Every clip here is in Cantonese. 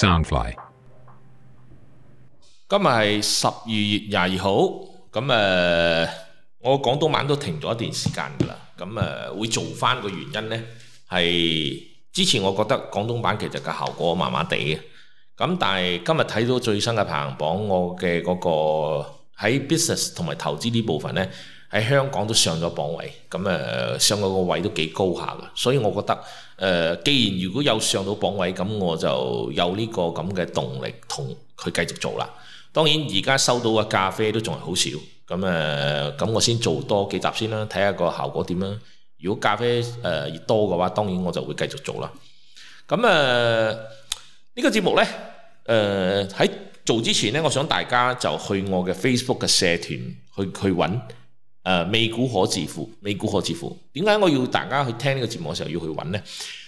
Soundfly，今日係十二月廿二號，咁誒，我廣東版都停咗一段時間㗎啦。咁誒，會做翻嘅原因呢，係之前我覺得廣東版其實個效果麻麻地嘅。咁但係今日睇到最新嘅排行榜，我嘅嗰個喺 business 同埋投資呢部分呢，喺香港都上咗榜位。咁誒，上嗰個位都幾高下㗎。所以我覺得。誒、呃，既然如果有上到榜位，咁我就有呢個咁嘅動力同佢繼續做啦。當然而家收到嘅咖啡都仲係好少，咁誒，咁、呃、我先做多幾集先啦，睇下個效果點啦。如果咖啡誒越、呃、多嘅話，當然我就會繼續做啦。咁誒，呢、呃這個節目呢，誒、呃、喺做之前呢，我想大家就去我嘅 Facebook 嘅社團去去揾。呃、美股可致富，美股可致富。點解我要大家去聽呢個節目嘅時候要去揾呢？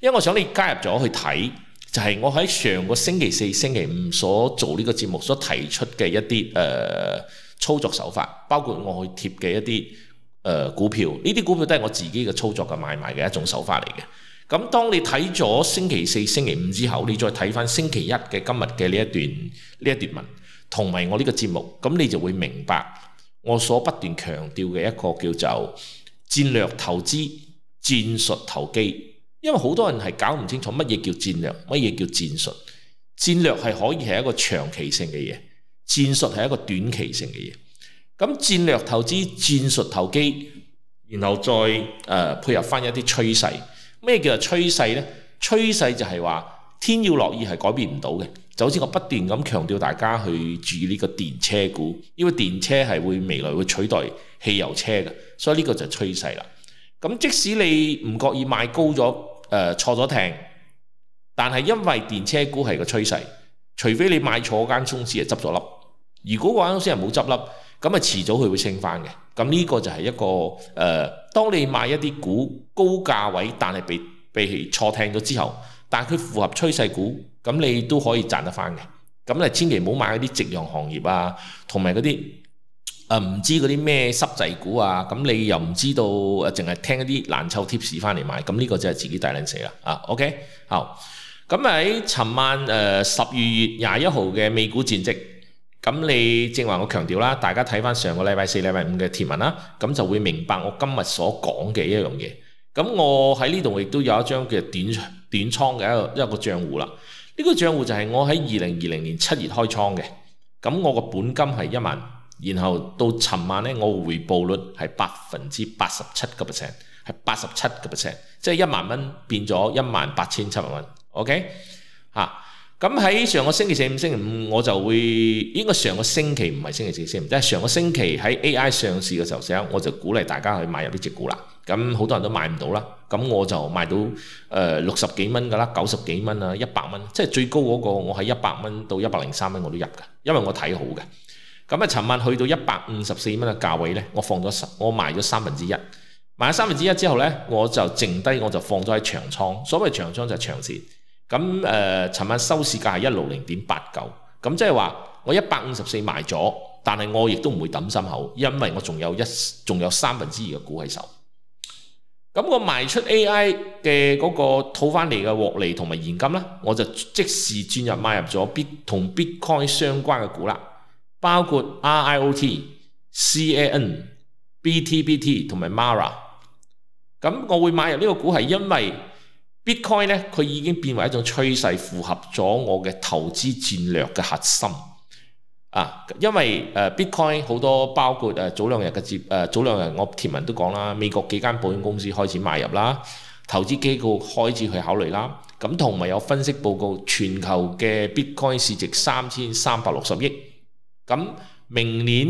因為我想你加入咗去睇，就係、是、我喺上個星期四、星期五所做呢個節目所提出嘅一啲、呃、操作手法，包括我去貼嘅一啲、呃、股票，呢啲股票都係我自己嘅操作嘅買賣嘅一種手法嚟嘅。咁當你睇咗星期四、星期五之後，你再睇返星期一嘅今日嘅呢一段呢一段文，同埋我呢個節目，咁你就會明白。我所不斷強調嘅一個叫做戰略投資、戰術投機，因為好多人係搞唔清楚乜嘢叫戰略、乜嘢叫戰術。戰略係可以係一個長期性嘅嘢，戰術係一個短期性嘅嘢。咁戰略投資、戰術投機，然後再誒、呃、配合翻一啲趨勢。咩叫做趨勢咧？趨勢就係話，天要落雨係改變唔到嘅，就好似我不斷咁強調大家去注意呢個電車股，因為電車係會未來會取代汽油車嘅，所以呢個就係趨勢啦。咁即使你唔覺意買高咗，誒、呃、錯咗聽，但係因為電車股係個趨勢，除非你買錯間公司係執咗笠，如果個間公司係冇執笠，咁啊遲早佢會升翻嘅。咁呢個就係一個誒、呃，當你買一啲股高價位，但係被被錯聽咗之後。但佢符合趨勢股，咁你都可以賺得翻嘅。咁你千祈唔好買嗰啲直營行業啊，同埋嗰啲誒唔知嗰啲咩濕製股啊。咁你又唔知道誒，淨係聽一啲爛臭 t 士 p 翻嚟買，咁呢個就係自己大捻死啦。啊，OK，好。咁喺尋晚誒十二月廿一號嘅美股戰績，咁你正話我強調啦，大家睇翻上個禮拜四、禮拜五嘅貼文啦，咁就會明白我今日所講嘅一樣嘢。咁我喺呢度亦都有一張嘅短短倉嘅一個一個賬戶啦，呢、這個賬戶就係我喺二零二零年七月開倉嘅，咁我個本金係一萬，然後到尋晚呢，我回報率係百分之八十七個 percent，係八十七個 percent，即係一萬蚊變咗一萬八千七百蚊。OK 嚇、啊，咁喺上個星期四、五、星期五，我就會應該上個星期唔係星期四、星期五，即係上個星期喺 AI 上市嘅時候，我就鼓勵大家去買入啲隻股啦。咁好多人都買唔到啦。咁我就賣到誒六十幾蚊㗎啦，九十幾蚊啊，一百蚊，即係最高嗰個，我係一百蚊到一百零三蚊我都入㗎，因為我睇好嘅。咁啊，尋晚去到一百五十四蚊嘅價位呢，我放咗十，我賣咗三分之一。賣咗三分之一之後呢，我就剩低我就放咗喺長倉。所謂長倉就係長線。咁誒、呃，尋晚收市價係一六零點八九。咁即係話我一百五十四賣咗，但係我亦都唔會抌心口，因為我仲有一仲有三分之二嘅股喺手。咁我賣出 AI 嘅嗰個套返嚟嘅獲利同埋現金啦，我就即時轉入買入咗同 Bitcoin 相關嘅股啦，包括 RIOT、CAN、BTBT 同埋 Mara。咁我會買入呢個股係因為 Bitcoin 呢，佢已經變為一種趨勢，符合咗我嘅投資戰略嘅核心。啊，因為誒 Bitcoin 好多，包括誒早兩日嘅接誒早兩日我貼文都講啦，美國幾間保險公司開始買入啦，投資機構開始去考慮啦，咁同埋有分析報告，全球嘅 Bitcoin 市值三千三百六十億，咁明年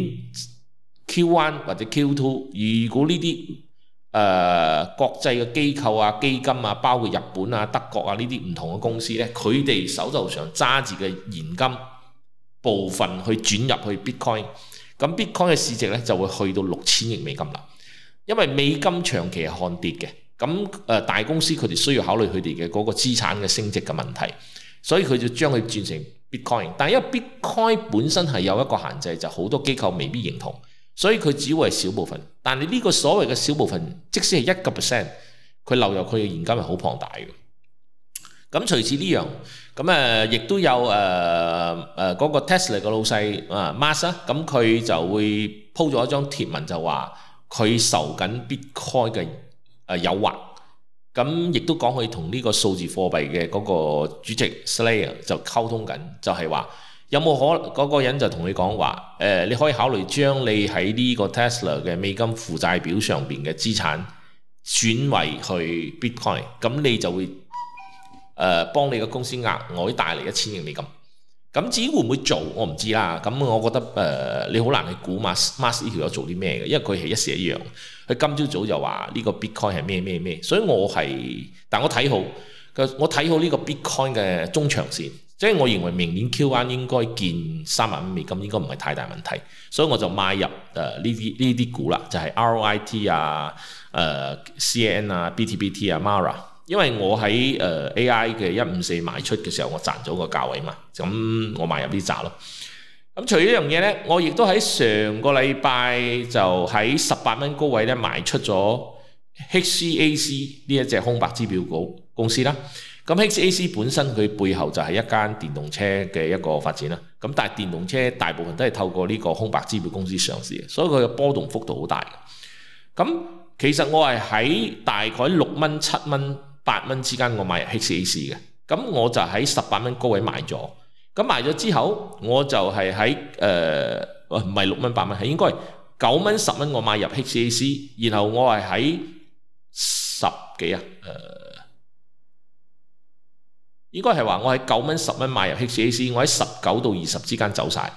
Q One 或者 Q Two，如果呢啲誒國際嘅機構啊、基金啊，包括日本啊、德國啊呢啲唔同嘅公司咧，佢哋手頭上揸住嘅現金。部分去轉入去 Bitcoin，咁 Bitcoin 嘅市值咧就會去到六千億美金啦。因為美金長期係看跌嘅，咁大公司佢哋需要考慮佢哋嘅嗰個資產嘅升值嘅問題，所以佢就將佢轉成 Bitcoin。但係因為 Bitcoin 本身係有一個限制，就好多機構未必認同，所以佢只會係小部分。但係呢個所謂嘅小部分，即使係一個 percent，佢流入佢嘅現金係好龐大。咁除此呢樣，咁誒亦都有誒誒嗰個 Tesla 嘅老細啊，Musk 啊，咁佢就會鋪咗一張帖文就，就話佢受緊 Bitcoin 嘅誒誘惑，咁亦都講佢同呢個數字貨幣嘅嗰個主席 Slay 就溝通緊，就係話有冇可能嗰個人就同你講話誒，你可以考慮將你喺呢個 Tesla 嘅美金負債表上邊嘅資產轉為去 Bitcoin，咁你就會。誒、呃、幫你個公司額外帶嚟一千億美金，咁至於會唔會做，我唔知啦。咁我覺得誒、呃、你好難去估馬斯馬斯呢條友做啲咩嘅，因為佢係一時一樣。佢今朝早就話呢個 Bitcoin 係咩咩咩，所以我係，但我睇好，我睇好呢個 Bitcoin 嘅中長線。即係我認為明年 Q 1應該見三萬五美金，應該唔係太大問題。所以我就買入誒呢啲呢啲股啦，就係 RIOT 啊、誒、呃、CAN 啊、BTBT 啊、Mara。因為我喺誒 A.I. 嘅一五四賣出嘅時候，我賺咗個價位嘛，咁我買入啲扎咯。咁除咗樣嘢咧，我亦都喺上個禮拜就喺十八蚊高位咧賣出咗 HCAC 呢一隻空白支票股公司啦。咁 HCAC 本身佢背後就係一間電動車嘅一個發展啦。咁但係電動車大部分都係透過呢個空白支票公司上市嘅，所以佢嘅波動幅度好大。咁其實我係喺大概六蚊七蚊，八蚊之間，我買入 HCAC 嘅，咁我就喺十八蚊高位買咗，咁買咗之後，我就係喺誒，唔係六蚊八蚊，係應該九蚊十蚊我買入 HCAC，然後我係喺十幾啊，應、呃、應該係話我喺九蚊十蚊買入 HCAC，我喺十九到二十之間走晒。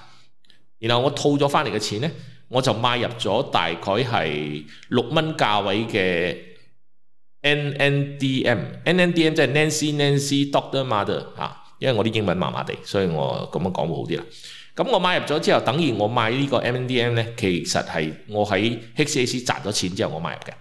然後我套咗翻嚟嘅錢呢，我就買入咗大概係六蚊價位嘅。NNDM，NNDM 即係 Nancy，Nancy Doctor Mother、啊、因為我啲英文麻麻地，所以我咁樣講會好啲啦。咁、啊、我買入咗之後，等於我買這個 N -N 呢個 NNDM 咧，其實係我喺 HCAC 賺咗錢之後我買入嘅。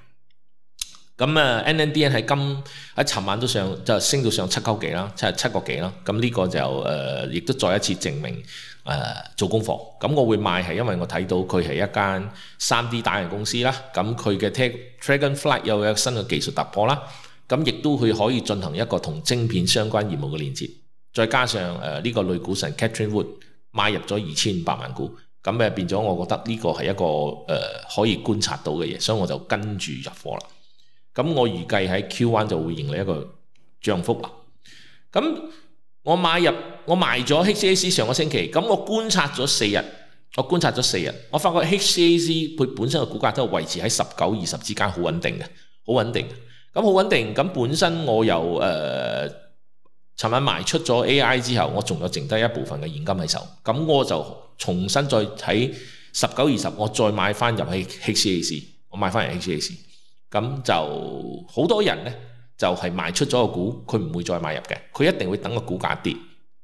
咁啊，NNDM 喺今喺尋晚都上就升到上七九幾啦，七七個幾啦。咁呢個就誒，亦、呃、都再一次證明。誒做功課，咁我會買係因為我睇到佢係一間三 D 打印公司啦，咁佢嘅 Tech Dragon Flight 又有一新嘅技術突破啦，咁亦都佢可以進行一個同晶片相關業務嘅連接，再加上誒呢個類股神 Catherine Wood 買入咗二千五百萬股，咁誒變咗，我覺得呢個係一個誒、呃、可以觀察到嘅嘢，所以我就跟住入貨啦，咁我預計喺 Q One 就會迎嚟一個漲幅啦，咁。我買入，我賣咗 H C A C 上個星期，咁我觀察咗四日，我觀察咗四日，我發覺 H C A C 佢本身嘅股價都係維持喺十九二十之間，好穩定嘅，好穩，穩定。咁好穩定，咁本身我由誒尋晚賣出咗 A I 之後，我仲有剩低一部分嘅現金喺手，咁我就重新再喺十九二十，我再買翻入去 H C A C，我買翻入 H C A C，咁就好多人呢。就係賣出咗個股，佢唔會再買入嘅，佢一定會等個股價跌，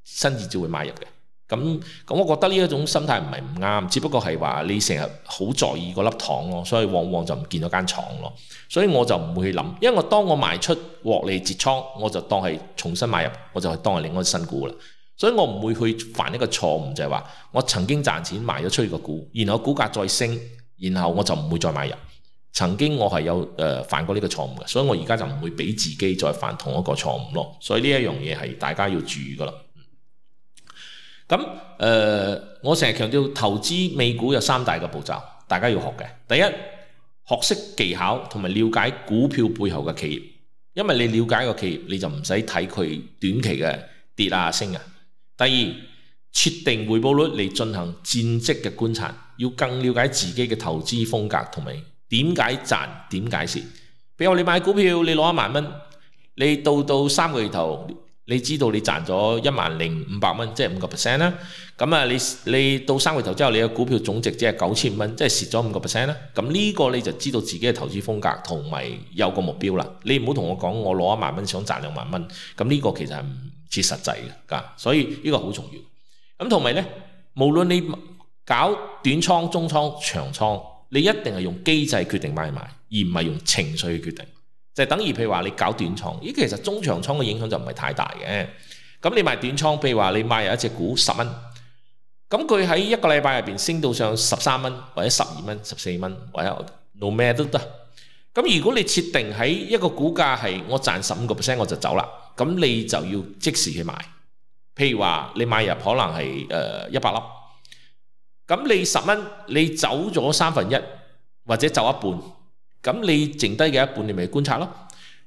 甚至就會買入嘅。咁咁，我覺得呢一種心態唔係唔啱，只不過係話你成日好在意嗰粒糖咯，所以往往就唔見到間廠咯。所以我就唔會去諗，因為我當我賣出獲利結倉，我就當係重新買入，我就當係另一個新股啦。所以我唔會去犯一個錯誤，就係話我曾經賺錢賣咗出去個股，然後股價再升，然後我就唔會再買入。曾經我係有犯過呢個錯誤嘅，所以我而家就唔會俾自己再犯同一個錯誤咯。所以呢一樣嘢係大家要注意㗎喇。咁誒、呃，我成日強調投資美股有三大嘅步驟，大家要學嘅。第一，學識技巧同埋了解股票背後嘅企業，因為你了解個企業，你就唔使睇佢短期嘅跌啊升啊。第二，設定回報率嚟進行戰績嘅觀察，要更了解自己嘅投資風格同埋。點解賺？點解蝕？比如你買股票，你攞一萬蚊，你到到三個月頭，你知道你賺咗一萬零五百蚊，即係五個 percent 啦。咁啊，你你到三個月頭之後，你嘅股票總值只係九千蚊，即係蝕咗五個 percent 啦。咁呢個你就知道自己嘅投資風格同埋有個目標啦。你唔好同我講，我攞一萬蚊想賺兩萬蚊，咁呢個其實係唔切實際嘅。所以呢個好重要。咁同埋呢，無論你搞短倉、中倉、長倉，你一定係用機制決定買賣，而唔係用情緒去決定。就係等於譬如話你搞短倉，咦，其實中長倉嘅影響就唔係太大嘅。咁你買短倉，譬如話你買入一隻股十蚊，咁佢喺一個禮拜入邊升到上十三蚊，或者十二蚊、十四蚊，或者 no 咩都得。咁如果你設定喺一個股價係我賺十五個 percent 我就走啦，咁你就要即時去買。譬如話你買入可能係誒一百粒。咁你十蚊，你走咗三分一或者走一半，咁你剩低嘅一半你咪觀察咯。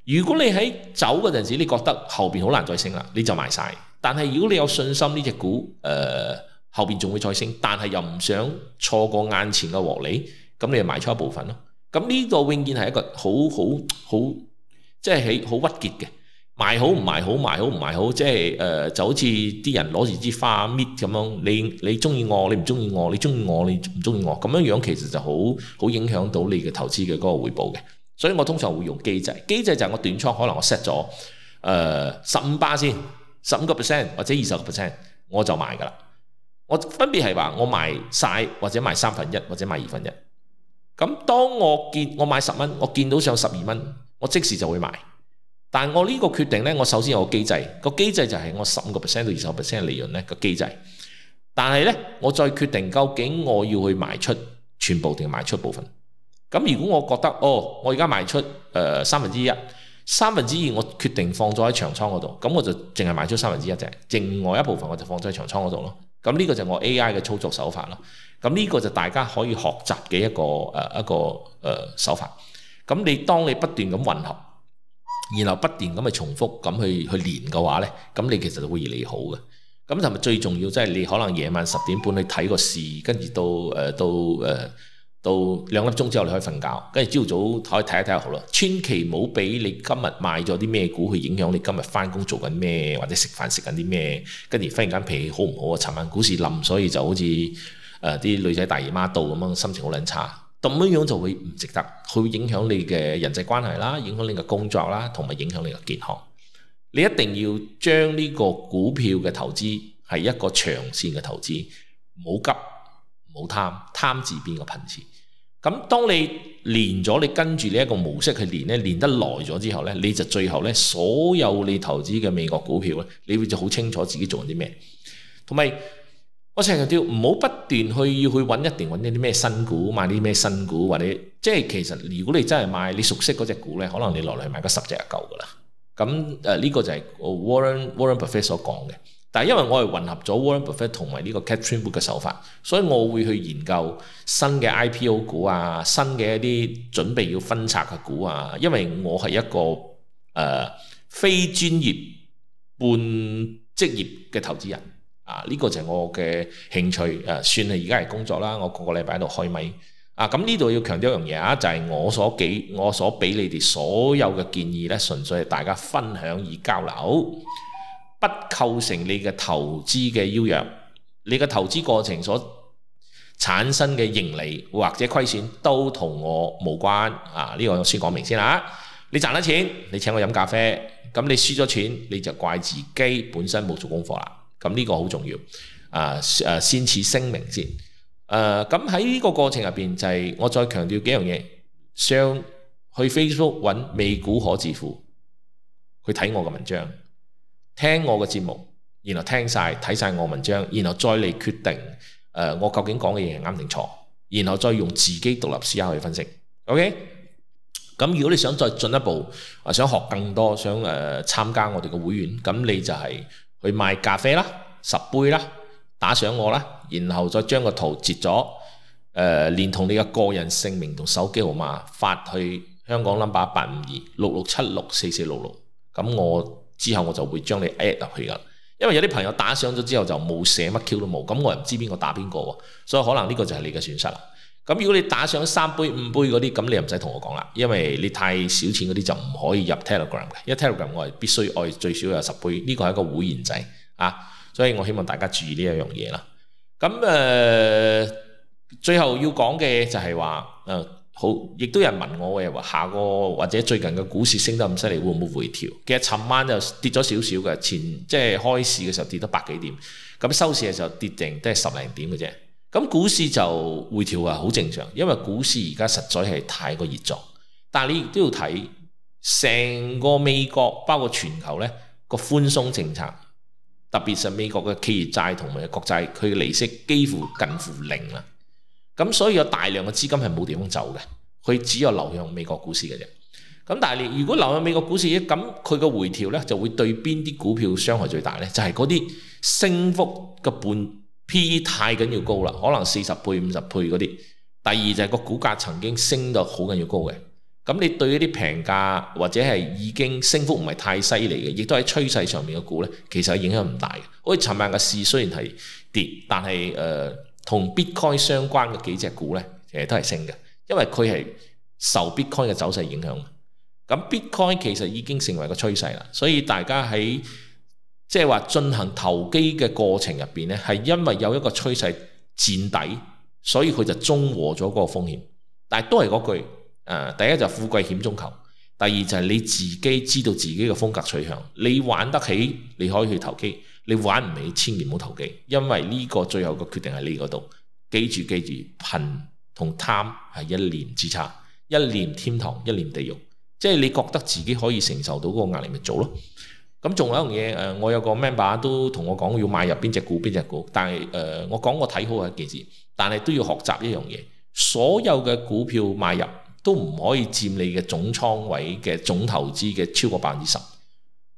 如果你喺走嗰陣時，你覺得後邊好難再升啦，你就賣晒。但係如果你有信心呢隻股，誒、呃、後邊仲會再升，但係又唔想錯過眼前嘅獲利，咁你又賣出一部分咯。咁呢個永遠係一個好好好，即係好好鬱結嘅。賣好唔賣好，賣好唔賣好，即係誒、呃、就好似啲人攞住支花搣咁樣。你你中意我，你唔中意我；你中意我，你唔中意我。咁樣樣其實就好好影響到你嘅投資嘅嗰個回報嘅。所以我通常會用機制，機制就係我短倉，可能我 set 咗誒十五巴先，十五個 percent 或者二十個 percent，我就賣㗎喇。我分別係話我賣晒，或者賣三分一，或者賣二分一。咁當我見我買十蚊，我見到上十二蚊，我即時就會賣。但我呢個決定呢，我首先有個機制，個機制就係我十五個 percent 到二十個 percent 嘅利潤呢個機制。但係呢，我再決定究竟我要去賣出全部定賣出部分。咁如果我覺得哦，我而家賣出三分之一、三分之二，/3, /3 我決定放咗喺長倉嗰度，咁我就淨係賣出三分之一隻，另外一部分我就放咗喺長倉嗰度咯。咁呢個就係我 AI 嘅操作手法咯。咁呢個就大家可以學習嘅一個、呃、一個、呃、手法。咁你當你不斷咁混合。然後不斷咁去重複，咁去去練嘅話咧，咁你其實會越嚟越好嘅。咁同埋最重要即係你可能夜晚十點半去睇個市，跟住到誒、呃、到誒、呃、到兩粒鐘之後你可以瞓覺，跟住朝早可以睇一睇就好啦。千祈冇俾你今日賣咗啲咩股去影響你今日翻工做緊咩，或者食飯食緊啲咩，跟住忽然間脾氣好唔好啊？尋晚股市冧，所以就好似誒啲女仔大姨媽到咁樣，心情好撚差。咁樣樣就會唔值得，去會影響你嘅人際關係啦，影響你嘅工作啦，同埋影響你嘅健康。你一定要將呢個股票嘅投資係一個長線嘅投資，唔好急唔好貪，貪字邊個貧字。咁當你練咗，你跟住呢一個模式去練呢，練得耐咗之後呢，你就最後呢，所有你投資嘅美國股票呢，你會就好清楚自己做緊啲咩。同埋。我成日叫唔好不斷去要去揾，一定揾一啲咩新股，買啲咩新股，或者即係其實如果你真係買你熟悉嗰隻股呢，可能你落嚟買個十隻就夠噶啦。咁呢、呃呢個就係 Warren Warren Buffett 所講嘅。但係因為我係混合咗 Warren Buffett 同埋呢個 Catherine Wood 嘅手法，所以我會去研究新嘅 IPO 股啊，新嘅一啲準備要分拆嘅股啊，因為我係一個、呃、非專業半職業嘅投資人。啊！呢、這個就係我嘅興趣，啊、算係而家係工作啦。我個個禮拜喺度開咪啊！咁呢度要強調一樣嘢啊，啊就係、是、我所俾我所俾你哋所有嘅建議呢，純粹係大家分享而交流，不構成你嘅投資嘅邀約。你嘅投資過程所產生嘅盈利或者虧損都同我無關啊！呢個先講明先啦。你賺得錢，你請我飲咖啡；咁你輸咗錢，你就怪自己本身冇做功課啦。咁、這、呢個好重要啊！先此聲明先，誒咁喺呢個過程入邊，就係我再強調幾樣嘢。上去 Facebook 揾美股可致富，去睇我嘅文章，聽我嘅節目，然後聽晒，睇晒我文章，然後再嚟決定、呃、我究竟講嘅嘢係啱定錯，然後再用自己獨立思考去分析。OK？咁如果你想再進一步，想學更多，想誒參、呃、加我哋嘅會員，咁你就係、是。去買咖啡啦，十杯啦，打賞我啦，然後再將個圖截咗，誒、呃，連同你嘅個人姓名同手機號碼發去香港 number 八五二六六七六四四六六，咁我之後我就會將你 add 入去噶，因為有啲朋友打賞咗之後就冇寫乜 Q 都冇，咁我又唔知邊個打邊個喎，所以可能呢個就係你嘅損失啦。咁如果你打上三杯五杯嗰啲，咁你唔使同我講啦，因為你太少錢嗰啲就唔可以入 Telegram 嘅，因為 Telegram 我係必須愛最少有十杯，呢、這個係一個會員制啊，所以我希望大家注意呢一樣嘢啦。咁誒、呃，最後要講嘅就係話、呃、好，亦都有人問我嘅話，下個或者最近嘅股市升得咁犀利，會唔會回調？其實尋晚就跌咗少少嘅，前即係開市嘅時候跌咗百幾點，咁收市嘅時候跌剩都係十零點嘅啫。咁股市就回調啊，好正常，因為股市而家實在係太過熱撞。但係你你亦都要睇成個美國，包括全球咧個寬鬆政策，特別係美國嘅企業債同埋國債，佢嘅利息幾乎近乎零啦。咁所以有大量嘅資金係冇地方走嘅，佢只有流向美國股市嘅啫。咁但係你如果流向美國股市嘅，咁佢嘅回調咧就會對邊啲股票傷害最大咧？就係嗰啲升幅嘅半。P/E 太緊要高啦，可能四十倍、五十倍嗰啲。第二就係個股價曾經升到好緊要高嘅，咁你對一啲平價或者係已經升幅唔係太犀利嘅，亦都喺趨勢上面嘅股呢，其實影響唔大。好似尋日嘅市雖然係跌，但係誒同 Bitcoin 相關嘅幾隻股呢，其實都係升嘅，因為佢係受 Bitcoin 嘅走勢影響。咁 Bitcoin 其實已經成為個趨勢啦，所以大家喺即係話進行投機嘅過程入面，呢係因為有一個趨勢佔底，所以佢就中和咗嗰個風險。但係都係嗰句，誒，第一就係富貴險中求，第二就係你自己知道自己嘅風格取向。你玩得起，你可以去投機；你玩唔起，千祈唔好投機。因為呢個最後嘅決定喺你嗰度。記住記住，貧同貪係一念之差，一念天堂，一念地獄。即係你覺得自己可以承受到嗰個壓力，咪做咯。咁仲有一樣嘢，誒，我有個 member 都同我講要買入邊隻股邊隻股，但係、呃、我講我睇好係一件事，但係都要學習一樣嘢，所有嘅股票買入都唔可以佔你嘅總倉位嘅總投資嘅超過百分之十。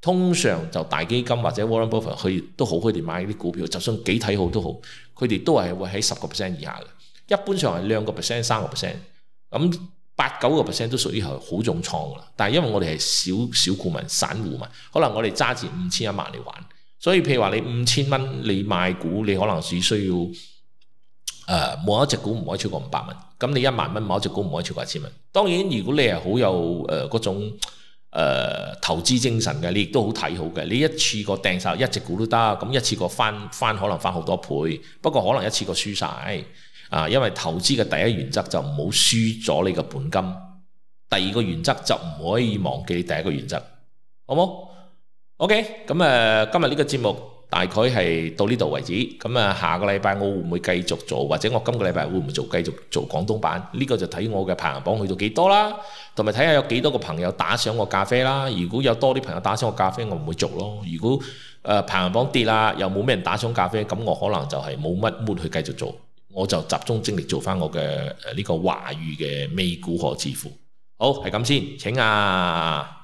通常就大基金或者 Warren Buffett 佢都好，佢哋買啲股票，就算幾睇好都好，佢哋都係會喺十個 percent 以下嘅，一般上係兩個 percent 三個 percent 咁。八九個 percent 都屬於係好重創噶啦，但係因為我哋係小小股民、散戶嘛，可能我哋揸住五千一萬嚟玩，所以譬如話你五千蚊你買股，你可能只需要誒每、呃、一隻股唔可以超過五百蚊，咁你一萬蚊每一隻股唔可以超過一千蚊。當然如果你係好有誒嗰、呃、種、呃、投資精神嘅，你亦都好睇好嘅，你一次過掟晒，一隻股都得，咁一次過翻翻可能翻好多倍，不過可能一次過輸晒。啊，因為投資嘅第一原則就唔好輸咗你個本金，第二個原則就唔可以忘記你第一個原則，好冇？OK，咁啊，今日呢個節目大概係到呢度為止。咁啊，下個禮拜我會唔會繼續做？或者我今個禮拜會唔會做繼續做廣東版？呢、這個就睇我嘅排行榜去到幾多啦，同埋睇下有幾多個朋友打賞我嘅咖啡啦。如果有多啲朋友打賞我嘅咖啡，我唔會做咯。如果誒、呃、排行榜跌啦，又冇咩人打賞咖啡，咁我可能就係冇乜冇去繼續做。我就集中精力做翻我嘅呢個華語嘅美股可致富。好，係咁先。請啊！